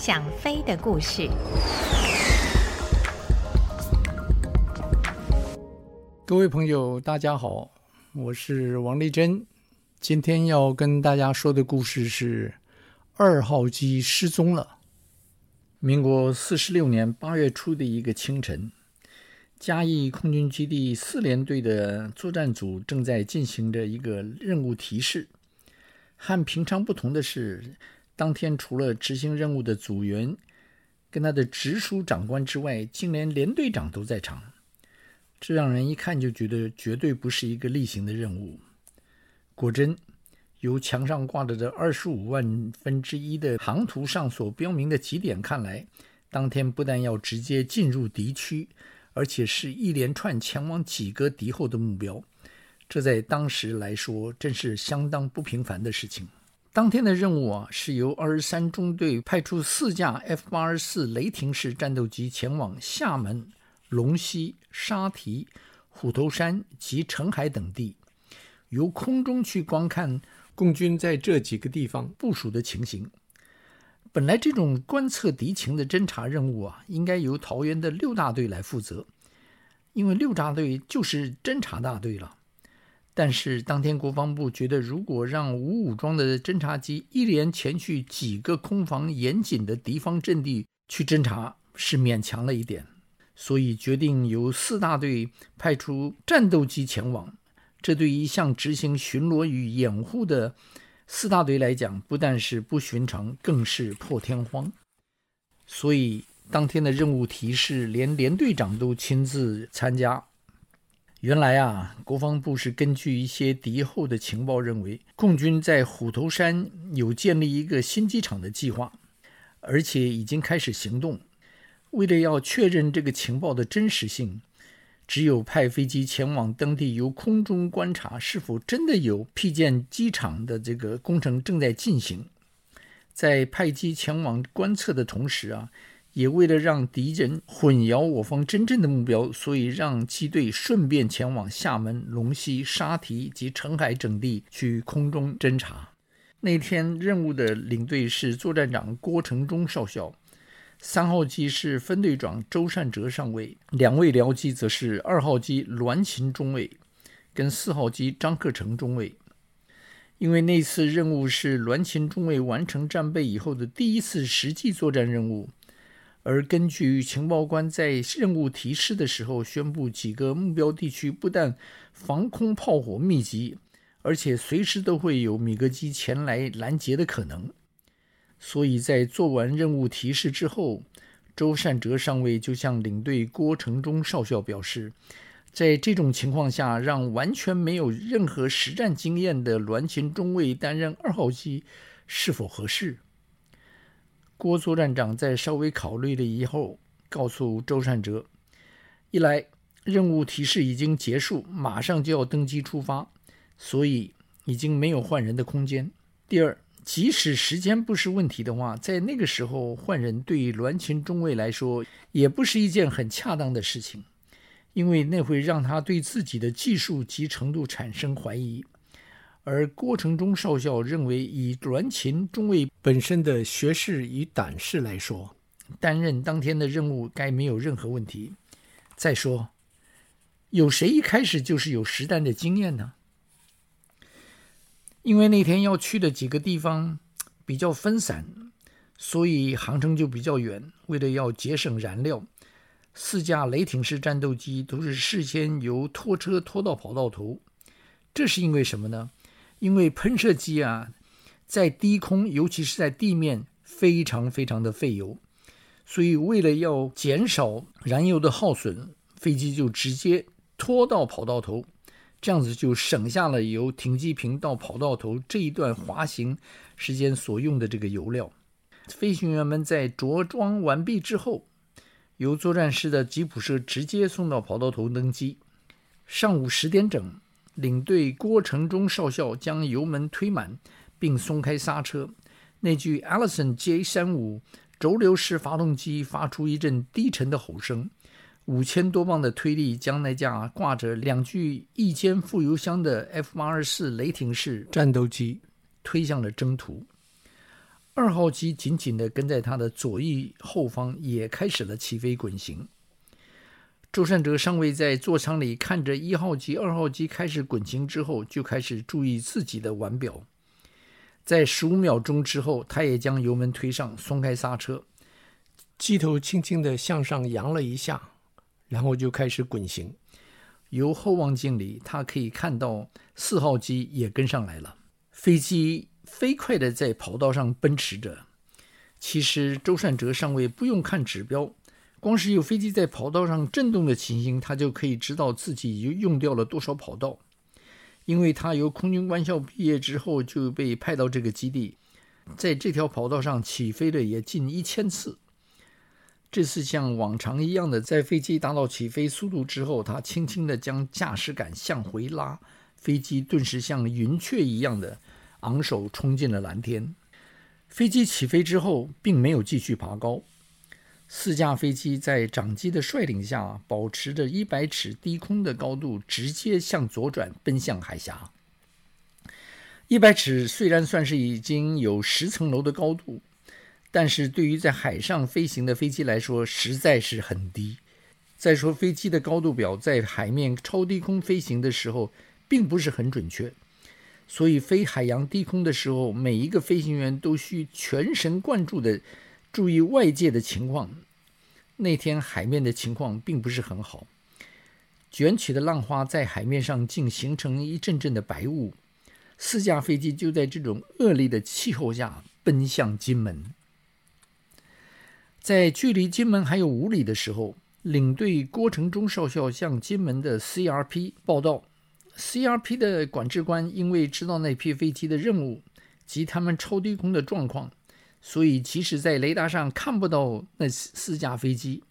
想飛的故事。各位朋友，大家好，我是王麗珍。今天要跟大家說的故事是二號機失蹤了。民國四十六年八月初的一個清晨，嘉義空軍基地四大隊的作戰組正在進行着一個任務提示。和平常不同的是，當天除了執行任務的組員跟他的直屬長官之外，竟連連隊長都在場，這讓人一看就覺得絕對不是一個例行的任務。果真，由牆上掛着的二十五萬分之一的航圖上所標明的幾點看來，當天不但要直接進入敵區，而且是一連串前往幾個敵後的目標，這在當時來說真是相當不平凡的事情。當天的任務啊，是由二十三中隊派出四架 F 八十四雷霆式戰鬥機，前往廈門、龍溪、沙堤、虎頭山及澄海等地，由空中去觀看共軍在這幾個地方部署的情形。本來這種觀測敵情的偵察任務啊，應該由桃園的六大隊來負責，因為六大隊就是偵察大隊了。但是當天國防部覺得，如果讓無武，武裝的偵察機一連前去幾個空防嚴謹的敵方陣地去偵察，是勉強了一點，所以決定由四大隊派出戰鬥機前往。這對於一向執行巡邏與掩護的四大隊來講，不但是不尋常，更是破天荒。所以當天的任務提示，連連隊長都親自參加。原來啊，國防部是根據一些敵後的情報，認為共軍在虎頭山有建立一個新機場的計劃，而且已經開始行動。為了要確認這個情報的真實性，只有派飛機前往當地，由空中觀察是否真的有闢建機場的這個工程正在進行。在派機前往觀測的同時啊。也為了讓敵人混淆我方真正的目標，所以讓機隊順便前往廈門、龍溪、沙堤及澄海等地去空中偵察。那天任務的領隊是作戰長郭成忠少校，三號機是分隊長周善哲上尉，兩位僚機則是二號機欒勤中尉跟四號機張克成中尉。因為那次任務是欒勤中尉完成戰備以後的第一次實際作戰任務。而根據情報官在任務提示的時候宣布，幾個目標地區不但防空炮火密集，而且隨時都會有米格機前來攔截的可能。所以在做完任務提示之後，周善哲上尉就向領隊郭成忠少校表示，在這種情況下，讓完全沒有任何實戰經驗的欒勤中尉擔任二號機是否合適？郭作戰長在稍微考慮了以後，告訴周善哲：“一來任務提示已經結束，馬上就要登機出發，所以已經沒有換人的空間；第二，即使時間不是問題的話，在那個時候換人對栾琴中尉來說也不是一件很恰當的事情，因為那會讓他對自己的技術及程度產生懷疑。”而郭程忠少校認為，以欒勤中尉本身的學識與膽識來說，擔任當天的任務該沒有任何問題。再說，有誰一開始就是有實戰的經驗呢？因為那天要去的幾個地方比較分散，所以航程就比較遠。為了要節省燃料，四架雷霆式戰鬥機都是事先由拖車拖到跑道頭。這是因為什麼呢？因為噴射機啊，在低空，尤其是在地面，非常非常的費油，所以為了要減少燃油的耗損，飛機就直接拖到跑道頭，這樣子就省下了由停機坪到跑道頭這一段滑行時間所用的這個油料。飛行員們在着裝完畢之後，由作戰室的吉普車直接送到跑道頭登機。上午十點整。領隊郭成忠少校將油門推滿，並鬆開剎車。那具 Allison J-35 軸流式發動機發出一陣低沉的吼聲，五千多磅的推力將那架掛着兩具翼尖副油箱的 F-84 雷霆式戰鬥機推向了征途。二號機緊緊地跟在他的左翼後方，也開始了起飛滾行。周善哲上尉在座艙裡看着一號機、二號機開始滾行之後，就開始注意自己的腕表。在十五秒鐘之後，他也將油門推上，鬆開剎車，機頭輕輕地向上揚了一下，然後就開始滾行。由後望鏡裡，他可以看到四號機也跟上來了。飛機飛快地在跑道上奔馳着。其實，周善哲上尉不用看指標。光是有飛機在跑道上震動的情形，他就可以知道自己已經用掉了多少跑道。因為他由空軍官校畢業之後就被派到這個基地，在這條跑道上起飛了也近一千次。這次像往常一樣的，在飛機達到起飛速度之後，他輕輕地將駕駛桿向回拉，飛機頓時像雲雀一樣的昂首衝進了藍天。飛機起飛之後，並沒有繼續爬高。四架飛機在長機的率領下，保持着一百尺低空的高度，直接向左轉，奔向海峽。一百尺雖然算是已經有十層樓的高度，但是對於在海上飛行的飛機來說，實在是很低。再說，飛機的高度表在海面超低空飛行的時候，並不是很準確，所以飛海洋低空的時候，每一個飛行員都需全神貫注地，注意外界的情況。那天海面的情況並不是很好，捲起的浪花在海面上竟形成一陣陣的白霧。四架飛機就在這種惡劣的氣候下奔向金門。在距離金門還有五里的時候，領隊郭成忠少校向金門的 CRP 報道。CRP 的管制官因為知道那批飛機的任務及他們超低空的狀況。所以，即使在雷達上看不到那四架飛機，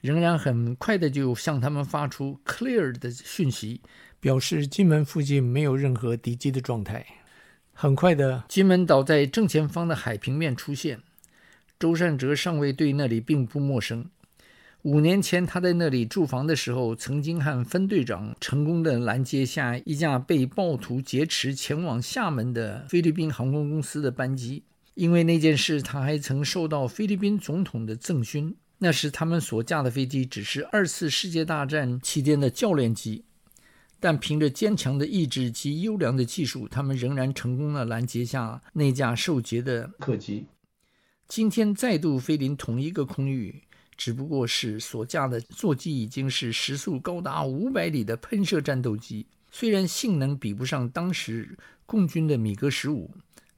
仍然很快的就向他們發出 “clear” 的訊息，表示金門附近沒有任何敵機的狀態。很快的，金門島在正前方的海平面出現。周善哲上尉對那裡並不陌生。五年前，他在那裡駐防的時候，曾經和分隊長成功的攔截下一架被暴徒劫持前往廈門的菲律賓航空公司的班機。因為那件事，他還曾受到菲律賓總統的贈勳。那時他們所駕的飛機只是二次世界大戰期間的教練機，但憑着堅強的意志及優良的技術，他們仍然成功地攔截下那架受劫的客機。今天再度飛臨同一個空域，只不過是所駕的座機已經是時速高達五百里的噴射戰鬥機，雖然性能比不上當時共軍的米格十五。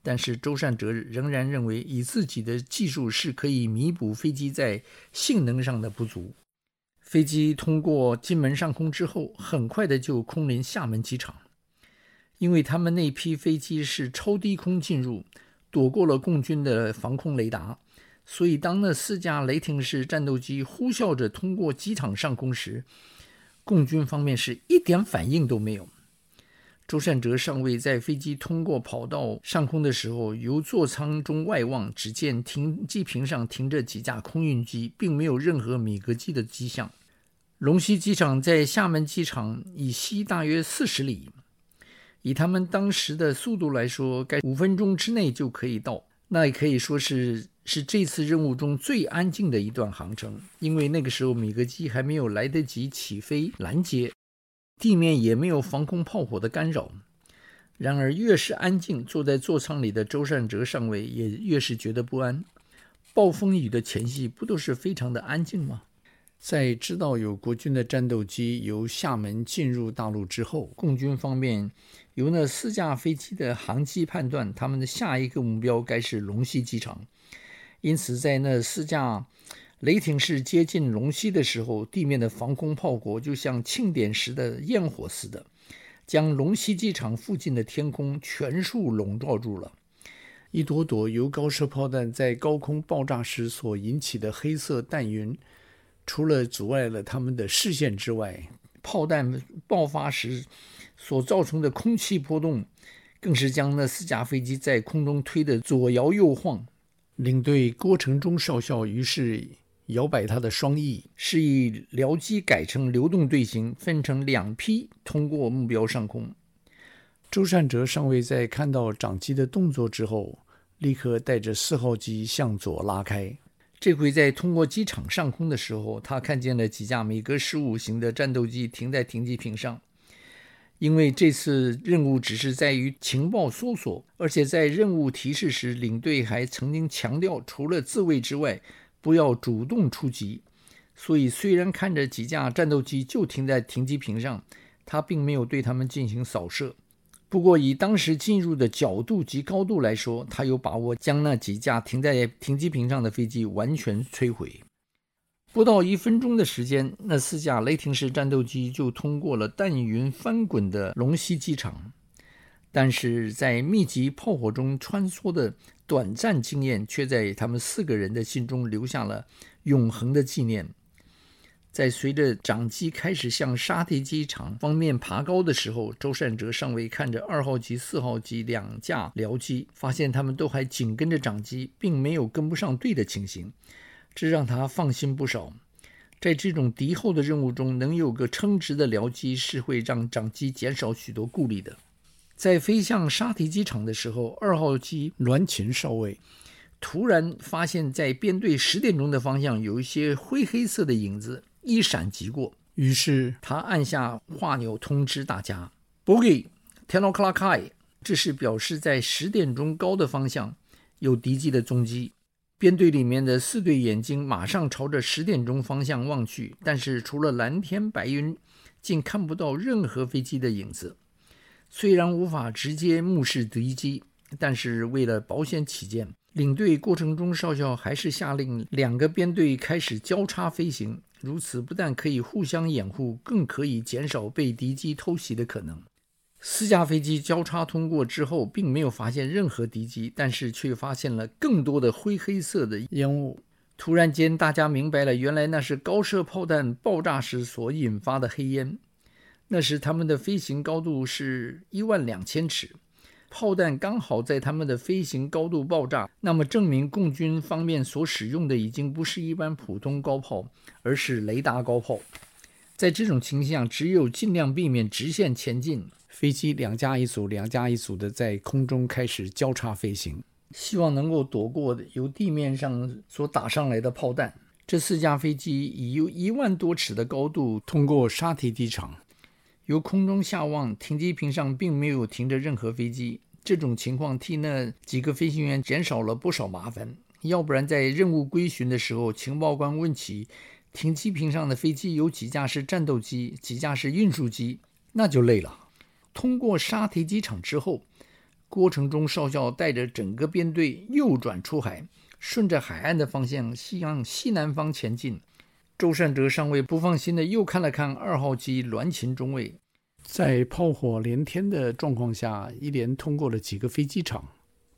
但是周善哲仍然認為，以自己的技術是可以彌補飛機在性能上的不足。飛機通過金門上空之後，很快的就空臨廈門機場，因為他們那批飛機是超低空進入，躲過了共軍的防空雷達，所以當那四架雷霆式戰鬥機呼嘯着通過機場上空時，共軍方面是一點反應都沒有。周善哲上尉在飛機通過跑道上空的時候，由座艙中外望，只見停機坪上停着幾架空運機，並沒有任何米格機的跡象。龍溪機場在廈門機場以西大約四十里，以他們當時的速度來說，該五分鐘之內就可以到。那也可以說是是這次任務中最安靜的一段航程，因為那個時候米格機還沒有來得及起飛攔截。地面也沒有防空炮火的干擾。然而，越是安靜，坐在座艙裡的周善哲上尉也越是覺得不安。暴風雨的前夕不都是非常的安靜嗎？在知道有國軍的戰鬥機由廈門進入大陸之後，共軍方面由那四架飛機的航跡判斷，他們的下一個目標該是龍溪機場。因此，在那四架。雷霆式接近龍溪的時候，地面的防空炮火就像慶典時的焰火似的，將龍溪機場附近的天空全數籠罩住了。一朵朵由高射炮彈在高空爆炸時所引起的黑色彈雲，除了阻礙了他們的視線之外，炮彈爆發時所造成的空氣波動，更是將那四架飛機在空中推得左搖右晃。領隊郭成忠少校於是。搖擺他的雙翼，示意僚機改成流動隊形，分成兩批通過目標上空。周善哲上尉在看到長機的動作之後，立刻帶着四號機向左拉開。這回在通過機場上空的時候，他看見了幾架米格十五型的戰鬥機停在停機坪上。因為這次任務只是在於情報蒐索，而且在任務提示時，領隊還曾經強調，除了自衛之外。不要主動出擊，所以雖然看着幾架戰鬥機就停在停機坪上，他並沒有對他們進行掃射。不過以當時進入的角度及高度來說，他有把握將那幾架停在停機坪上的飛機完全摧毀。不到一分鐘的時間，那四架雷霆式戰鬥機就通過了彈雲翻滾的龍溪機場。但是在密集炮火中穿梭的短暫經驗，卻在他們四個人的心中留下了永恆的紀念。在隨着長機開始向沙堤機場方面爬高的時候，周善哲上尉看着二號機、四號機兩架僚機，發現他們都還緊跟着長機，並沒有跟不上隊的情形，這讓他放心不少。在這種敵後的任務中，能有個稱職的僚機，是會讓長機減少許多顧慮的。在飛向沙提機場的時候，二號機欒琴少尉突然發現，在編隊十點鐘的方向有一些灰黑色的影子一閃即過。於是他按下話鈕通知大家：“Bogie ten o'clock high。”這是表示在十點鐘高的方向有敵機的蹤跡。編隊裡面的四對眼睛馬上朝着十點鐘方向望去，但是除了藍天白雲，竟看不到任何飛機的影子。雖然無法直接目視敵機，但是為了保險起見，領隊過程中少校還是下令兩個編隊開始交叉飛行。如此不但可以互相掩護，更可以減少被敵機偷襲的可能。四架飛機交叉通過之後，並沒有發現任何敵機，但是卻發現了更多的灰黑色的煙霧。突然間，大家明白了，原來那是高射炮彈爆炸時所引發的黑煙。那時他們的飛行高度是一萬兩千尺，炮彈剛好在他們的飛行高度爆炸。那麼證明共軍方面所使用的已經不是一般普通高炮，而是雷達高炮。在這種情形下，只有盡量避免直線前進，飛機兩架一組，兩架一組的在空中開始交叉飛行，希望能夠躲過由地面上所打上來的炮彈。這四架飛機已有一萬多尺的高度通過沙提機場。由空中下望，停機坪上並沒有停着任何飛機。這種情況替那幾個飛行員減少了不少麻煩。要不然在任務歸巡的時候，情報官問起停機坪上的飛機有幾架是戰鬥機，幾架是運輸機，那就累了。通過沙提機場之後，郭成中少校帶着整個編隊右轉出海，順着海岸的方向向西南方前進。周善哲上尉不放心，的又看了看二號機欒琴中尉，在炮火連天的狀況下，一連通過了幾個飛機場。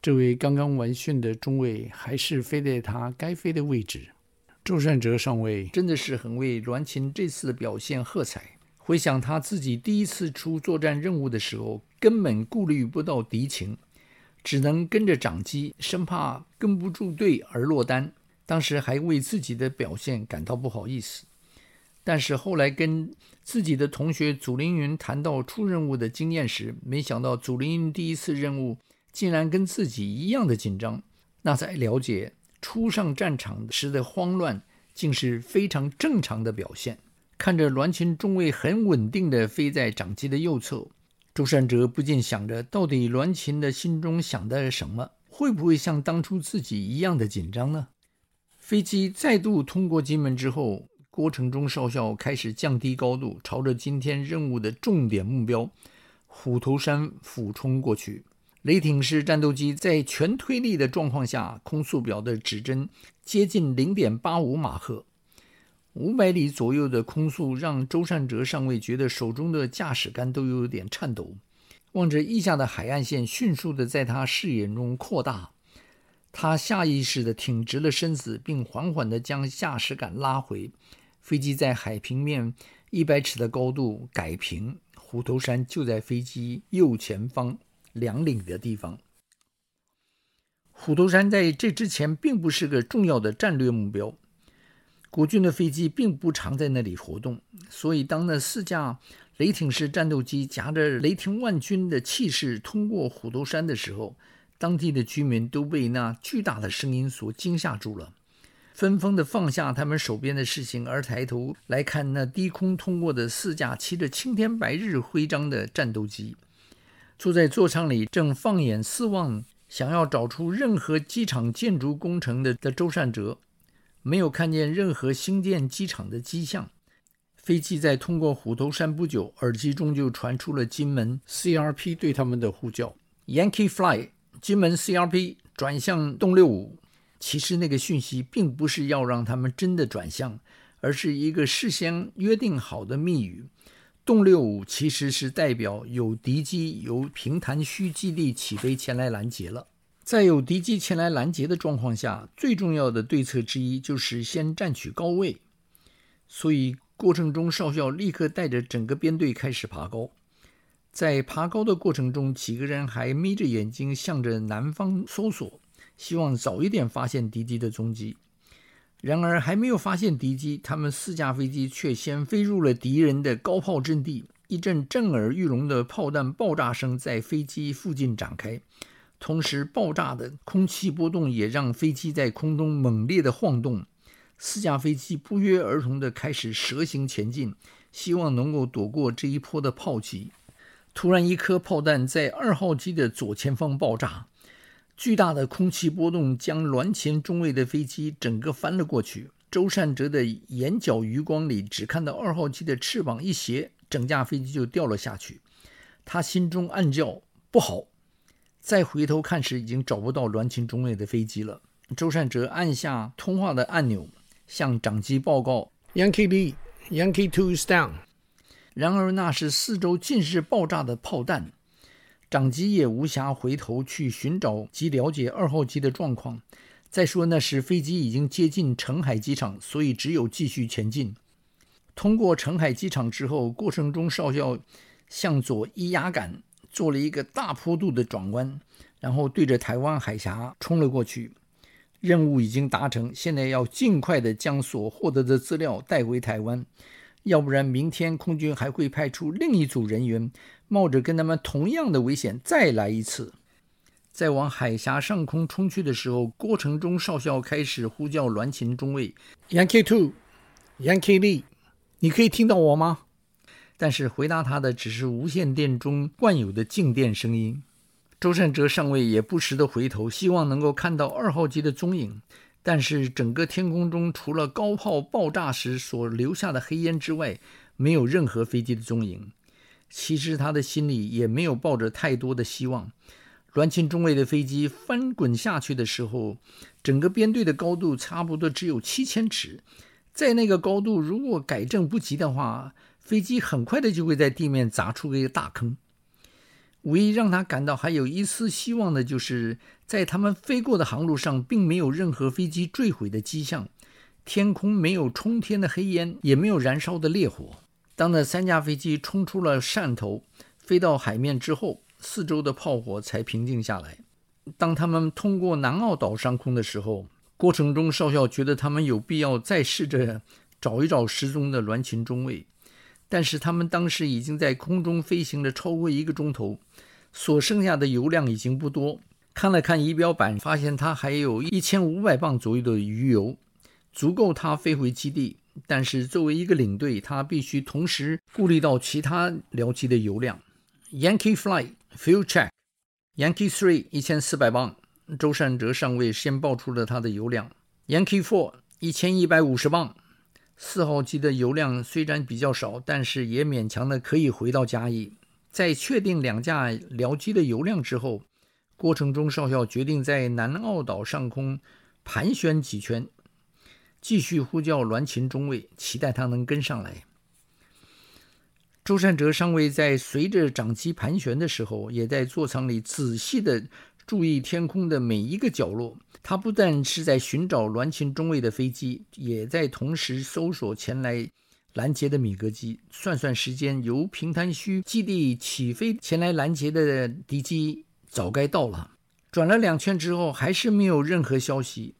這位剛剛完訓的中尉還是飛在他該飛的位置。周善哲上尉真的是很為欒琴這次的表現喝彩。回想他自己第一次出作戰任務的時候，根本顧慮不到敵情，只能跟着長機，生怕跟不住隊而落單。當時還為自己的表現感到不好意思，但是後來跟自己的同學祖凌雲談到出任務的經驗時，沒想到祖凌雲第一次任務竟然跟自己一樣的緊張。那才了解初上戰場時的慌亂，竟是非常正常的表現。看着栾琴中尉很穩定地飛在長機的右側，周善哲不禁想着：到底栾琴的心中想的是什麼？會不會像當初自己一樣的緊張呢？飛機再度通過金門之後，郭成忠少校開始降低高度，朝着今天任務的重點目標虎頭山俯衝過去。雷霆式戰鬥機在全推力的狀況下，空速表的指針接近零點八五馬赫，五百里左右的空速讓周善哲上尉覺得手中的駕駛桿都有點顫抖，望着翼下的海岸線迅速地在他視野中擴大。他下意識地挺直了身子，並緩緩地將駕駛桿拉回。飛機在海平面一百尺的高度改平，虎頭山就在飛機右前方兩浬的地方。虎頭山在這之前並不是個重要的戰略目標，國軍的飛機並不常在那裡活動，所以當那四架雷霆式戰鬥機夾着雷霆萬鈞的氣勢通過虎頭山的時候。當地的居民都被那巨大的聲音所驚嚇住了，紛紛地放下他們手邊的事情，而抬頭來看那低空通過的四架漆著青天白日徽章的戰鬥機。坐在座艙裡正放眼四望，想要找出任何機場建築工程的的周善哲，沒有看見任何興建機場的跡象。飛機在通過虎頭山不久，耳機中就傳出了金門 CRP 對他們的呼叫：“Yankee Fly。”金門 C R P 轉向東六五。其實那個訊息並不是要讓他們真的轉向，而是一個事先約定好的密語。東六五其實是代表有敵機由平潭區基地起飛前來攔截了。在有敵機前來攔截的狀況下，最重要的對策之一就是先占取高位。所以過程中少校立刻帶着整個編隊開始爬高。在爬高的過程中，幾個人還眯着眼睛向着南方搜索，希望早一點發現敵機的蹤跡。然而，還沒有發現敵機，他們四架飛機卻先飛入了敵人的高炮陣地。一陣震耳欲聾的炮彈爆炸聲在飛機附近展開，同時，爆炸的空氣波動也讓飛機在空中猛烈地晃動。四架飛機不約而同地開始蛇形前進，希望能夠躲過這一波的炮擊。突然，一顆炮彈在二號機的左前方爆炸，巨大的空氣波動將欒前中尉的飛機整個翻了過去。周善哲的眼角餘光裡只看到二號機的翅膀一斜，整架飛機就掉了下去。他心中暗叫不好，再回頭看時，已經找不到欒前中尉的飛機了。周善哲按下通話的按鈕，向長機報告：“Yankee Lead, Yankee Two is down。”然而，那是四周盡是爆炸的炮彈，長機也無暇回頭去尋找及了解二號機的狀況。再說，那時飛機已經接近澄海機場，所以只有繼續前進。通過澄海機場之後，過程中少校向左一壓桿，做了一個大坡度的轉彎，然後對着台灣海峽衝了過去。任務已經達成，現在要儘快地將所獲得的資料帶回台灣。要不然，明天空軍還會派出另一組人員，冒着跟他們同樣的危險再來一次。在往海峽上空衝去的時候，郭程忠少校開始呼叫欒勤中尉：“ Yankee Two，Yankee Lee，你可以聽到我嗎？”但是回答他的只是無線電中慣有的靜電聲音。周善哲上尉也不時地回頭，希望能夠看到二號機的蹤影。但是整個天空中，除了高炮爆炸時所留下的黑煙之外，沒有任何飛機的蹤影。其實他的心裡也沒有抱着太多的希望。欒欽中尉的飛機翻滾下去的時候，整個編隊的高度差不多只有七千尺，在那個高度，如果改正不及的話，飛機很快的就會在地面砸出一個大坑。唯一讓他感到還有一絲希望的就是，在他們飛過的航路上，並沒有任何飛機墜毀的跡象，天空沒有沖天的黑煙，也沒有燃燒的烈火。當那三架飛機沖出了汕頭，飛到海面之後，四周的炮火才平靜下來。當他們通過南澳島上空的時候，過程中少校覺得他們有必要再試着找一找失蹤的栾琴中尉。但是他們當時已經在空中飛行了超過一個鐘頭，所剩下的油量已經不多。看了看儀表板，發現他還有一千五百磅左右的餘油，足夠他飛回基地。但是作為一個領隊，他必須同時顧慮到其他僚機的油量。Yankee Flight Fuel Check，Yankee Three 一千四百磅，周善哲上尉先報出了他的油量。Yankee Four 一千一百五十磅。四號機的油量雖然比較少，但是也勉強的可以回到嘉義。在確定兩架僚機的油量之後，郭成忠少校決定在南澳島上空盤旋幾圈，繼續呼叫栾琴中尉，期待他能跟上來。周善哲上尉在隨着長機盤旋的時候，也在座艙裡仔細的。注意天空的每一個角落，他不但是在尋找欒勤中尉的飛機，也在同時搜索前來攔截的米格機。算算時間，由平潭圩基地起飛前來攔截的敵機早該到了。轉了兩圈之後，還是沒有任何消息。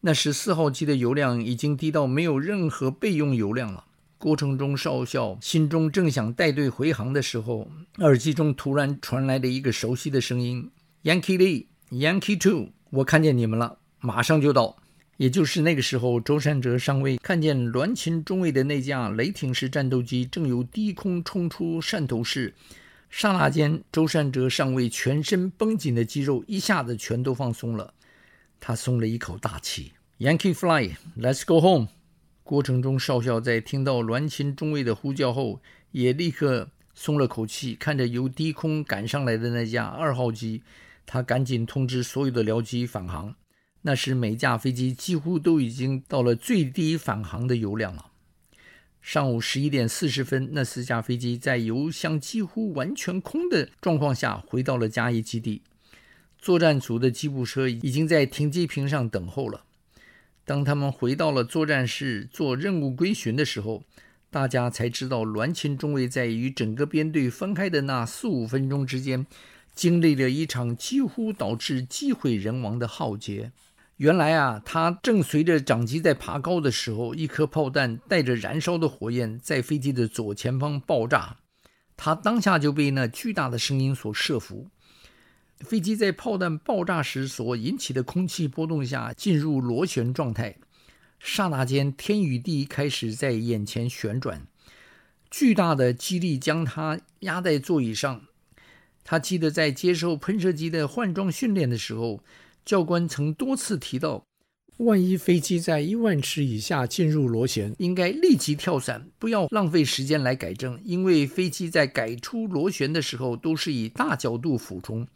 那時四號機的油量已經低到沒有任何備用油量了。過程中，少校心中正想帶隊回航的時候，耳機中突然傳來了一個熟悉的聲音。Yankee Lee, Yankee Two，我看見你們了，馬上就到。也就是那個時候，周善哲上尉看見欒琴中尉的那架雷霆式戰鬥機正由低空衝出汕頭市，剎那間，周善哲上尉全身繃緊的肌肉一下子全都放鬆了，他鬆了一口大氣。Yankee Fly, Let's Go Home。過程中，少校在聽到欒琴中尉的呼叫後，也立刻鬆了口氣，看着由低空趕上來的那架二號機。他趕緊通知所有的僚機返航。那時每架飛機幾乎都已經到了最低返航的油量了。上午十一點四十分，那四架飛機在油箱幾乎完全空的狀況下回到了嘉義基地。作戰組的吉普車已經在停機坪上等候了。當他們回到了作戰室做任務歸詢的時候，大家才知道欒勤中尉在與整個編隊分開的那四五分鐘之間經歷了一場幾乎導致機毀人亡的浩劫。原來啊，他正隨着長機在爬高的時候，一顆炮彈帶着燃燒的火焰在飛機的左前方爆炸。他當下就被那巨大的聲音所懾服。飛機在炮彈爆炸時所引起的空氣波動下進入螺旋狀態，剎那間，天與地開始在眼前旋轉，巨大的機力將他壓在座椅上。他記得在接受噴射機的換裝訓練的時候，教官曾多次提到，萬一飛機在一萬尺以下進入螺旋，應該立即跳傘，不要浪費時間來改正，因為飛機在改出螺旋的時候都是以大角度俯衝。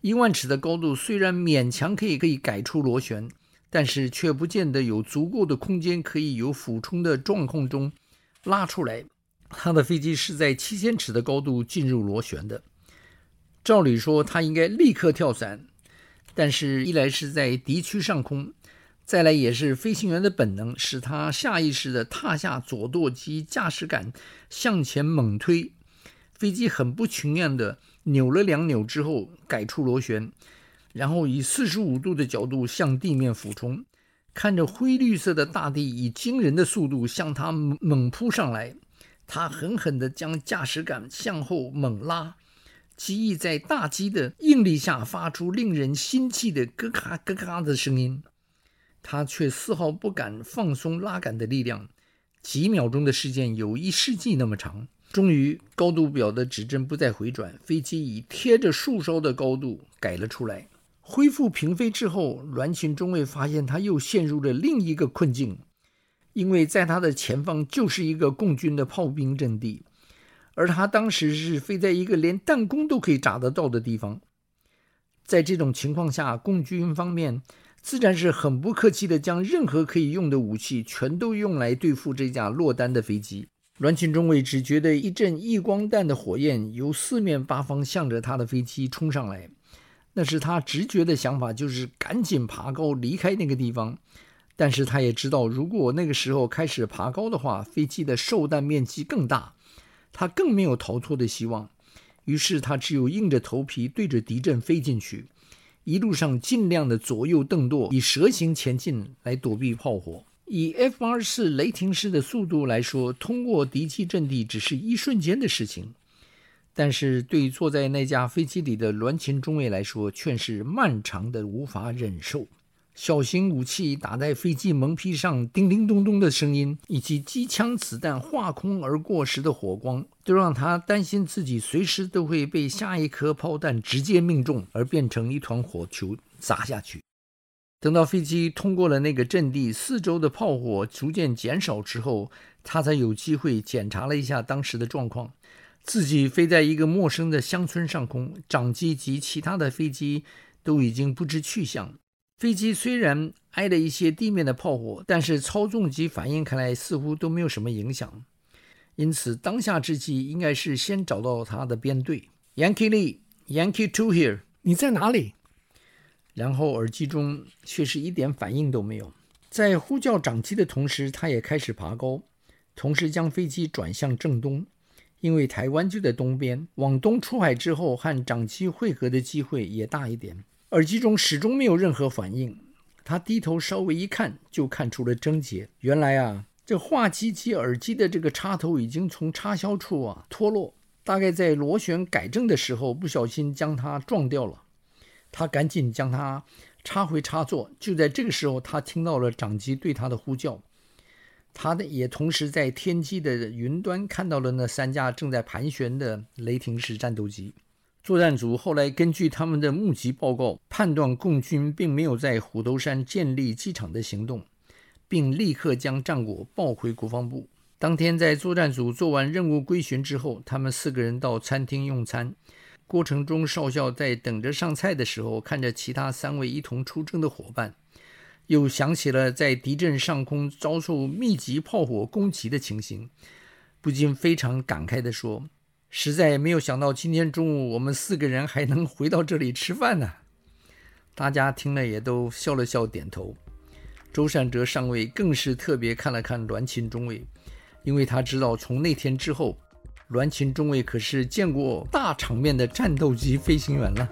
一萬尺的高度雖然勉強可以可以改出螺旋，但是却不見得有足夠的空間可以由俯衝的狀況中拉出來。他的飛機是在七千尺的高度進入螺旋的。照理說，他應該立刻跳傘，但是，一來是在敵區上空，再來也是飛行員的本能，使他下意識地踏下左舵及駕駛桿向前猛推，飛機很不情願地扭了兩扭之後，改出螺旋，然後以四十五度的角度向地面俯衝，看着灰綠色的大地以驚人的速度向他猛撲上來，他狠狠地將駕駛桿向後猛拉。機翼在大機的應力下發出令人心悸的咯咔咯咔的聲音，他卻絲毫不敢放鬆拉桿的力量。幾秒鐘的時間有一世紀那麼長，終於高度表的指針不再回轉，飛機以貼着樹梢的高度改了出來。恢復平飛之後，欒勤中尉發現他又陷入了另一個困境，因為在他的前方就是一個共軍的炮兵陣地。而他當時是飛在一個連彈弓都可以炸得到的地方，在這種情況下，共軍方面自然是很不客氣的，將任何可以用的武器全都用來對付這架落單的飛機。欒慶中尉只覺得一陣曳光彈的火焰由四面八方向着他的飛機衝上來，那是他直覺的想法，就是趕緊爬高離開那個地方。但是他也知道，如果那個時候開始爬高的話，飛機的受彈面積更大。他更沒有逃脫的希望，於是他只有硬着頭皮對着敵陣飛進去，一路上儘量的左右蹬舵，以蛇形前進來躲避炮火。以 F 八四雷霆式的速度來說，通過敵機陣地只是一瞬間的事情，但是對坐在那架飛機裡的栾勤中尉來說，卻是漫長的無法忍受。小型武器打在飛機蒙皮上，叮叮咚咚的聲音，以及機槍子彈劃空而過時的火光，都讓他擔心自己隨時都會被下一顆炮彈直接命中，而變成一團火球砸下去。等到飛機通過了那個陣地，四周的炮火逐漸減少之後，他才有機會檢查了一下當時的狀況。自己飛在一個陌生的鄉村上空，長機及其他的飛機都已經不知去向。飛機雖然挨了一些地面的炮火，但是操縱及反應看來似乎都沒有什麼影響。因此，當下之際應該是先找到他的編隊。Yankee Lee，Yankee Two here，你在哪裡？然後耳機中卻是一點反應都沒有。在呼叫長機的同時，他也開始爬高，同時將飛機轉向正東，因為台灣就在東邊，往東出海之後，和長機會合的機會也大一點。耳機中始終沒有任何反應，他低頭稍微一看，就看出了症結。原來啊，這話機及耳機的這個插頭已經從插銷處啊脫落，大概在螺旋改正的時候不小心將它撞掉了。他趕緊將它插回插座。就在這個時候，他聽到了長機對他的呼叫，他的也同時在天際的雲端看到了那三架正在盤旋的雷霆式戰鬥機。作戰組後來根據他們的目擊報告判斷，共軍並沒有在虎頭山建立機場的行動，並立刻將戰果報回國防部。當天，在作戰組做完任務歸巡之後，他們四個人到餐廳用餐。過程中，少校在等着上菜的時候，看着其他三位一同出征的伙伴，又想起了在敵陣上空遭受密集炮火攻擊的情形，不禁非常感慨地說。實在沒有想到，今天中午我們四個人還能回到這裡吃飯呢、啊。大家聽了也都笑了笑，點頭。周善哲上尉更是特別看了看欒勤中尉，因為他知道從那天之後，欒勤中尉可是見過大場面的戰鬥機飛行員了。